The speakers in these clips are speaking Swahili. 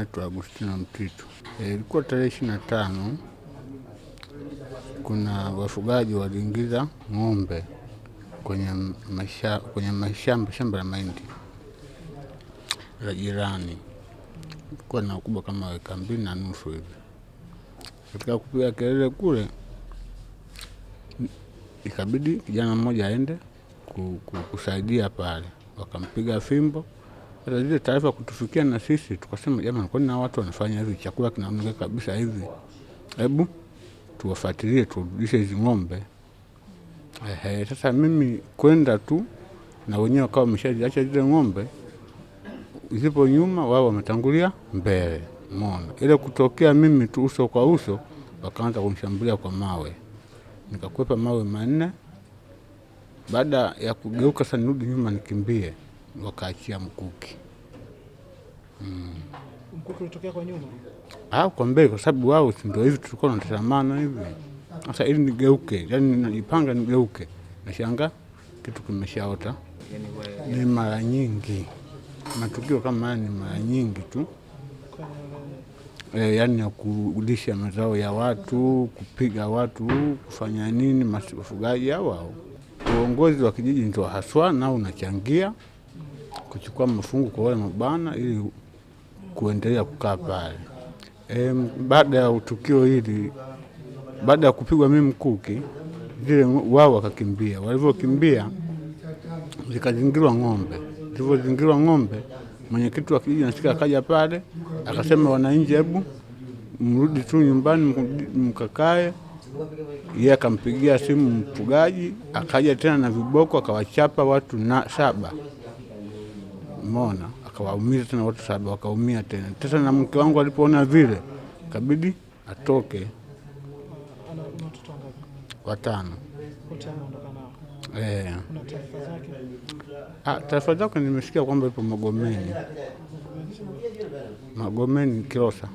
naitwa Agustino Mtitu. Eh, ilikuwa e, tarehe ishirini na tano kuna wafugaji waliingiza ng'ombe kwenye maisha, kwenye mashamba shamba la mahindi la jirani, ilikuwa na ukubwa kama weka mbili na nusu hivi. Katika kupiga kelele kule, ikabidi kijana mmoja aende kusaidia pale, wakampiga fimbo sasa zile taarifa kutufikia na sisi tukasema, jamani, kwani na watu wanafanya hivi, chakula kinaongezeka kabisa hivi, hebu tuwafuatilie, turudishe hizi ng'ombe. Ehe, sasa mimi kwenda tu na wenyewe wakawa wameshaziacha zile ng'ombe, zipo nyuma, wao wametangulia mbele. Mona ile kutokea mimi tu uso kwa uso, wakaanza kumshambulia kwa mawe, nikakwepa mawe manne. Baada ya kugeuka sasa, nirudi nyuma nikimbie wakaachia mkuki mm. Mkuki ulitokea kwa nyuma ah, kwa mbele? Kwa sababu wao ndio hivi tulikuwa tunatazamana hivi. Sasa ili nigeuke, yani najipanga nigeuke, nashanga kitu kimeshaota. Ni mara nyingi matukio kama haya, ni mara nyingi tu e, yaani ya kulisha mazao ya watu, kupiga watu, kufanya nini, wafugaji hao, uongozi wa kijiji ndio haswa nao unachangia kuchukua mafungu kwa wale mabana ili kuendelea kukaa pale. E, baada ya tukio hili, baada ya kupigwa mimi mkuki vile, wao wakakimbia. Walivyokimbia zikazingirwa ng'ombe, zilivyozingirwa ng'ombe, mwenyekiti wa kijiji nasikia akaja pale akasema, wananchi, hebu mrudi tu nyumbani mkakae. Yeye akampigia simu mfugaji, akaja tena na viboko akawachapa watu na saba umeona, akawaumiza tena watu saba wakaumia tena. Sasa na mke wangu alipoona vile, kabidi atoke. Watano. Eh. Ah, taarifa zake nimesikia kwamba ipo Magomeni, Magomeni Kilosa,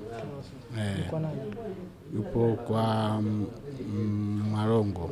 eh, yupo kwa Marongo.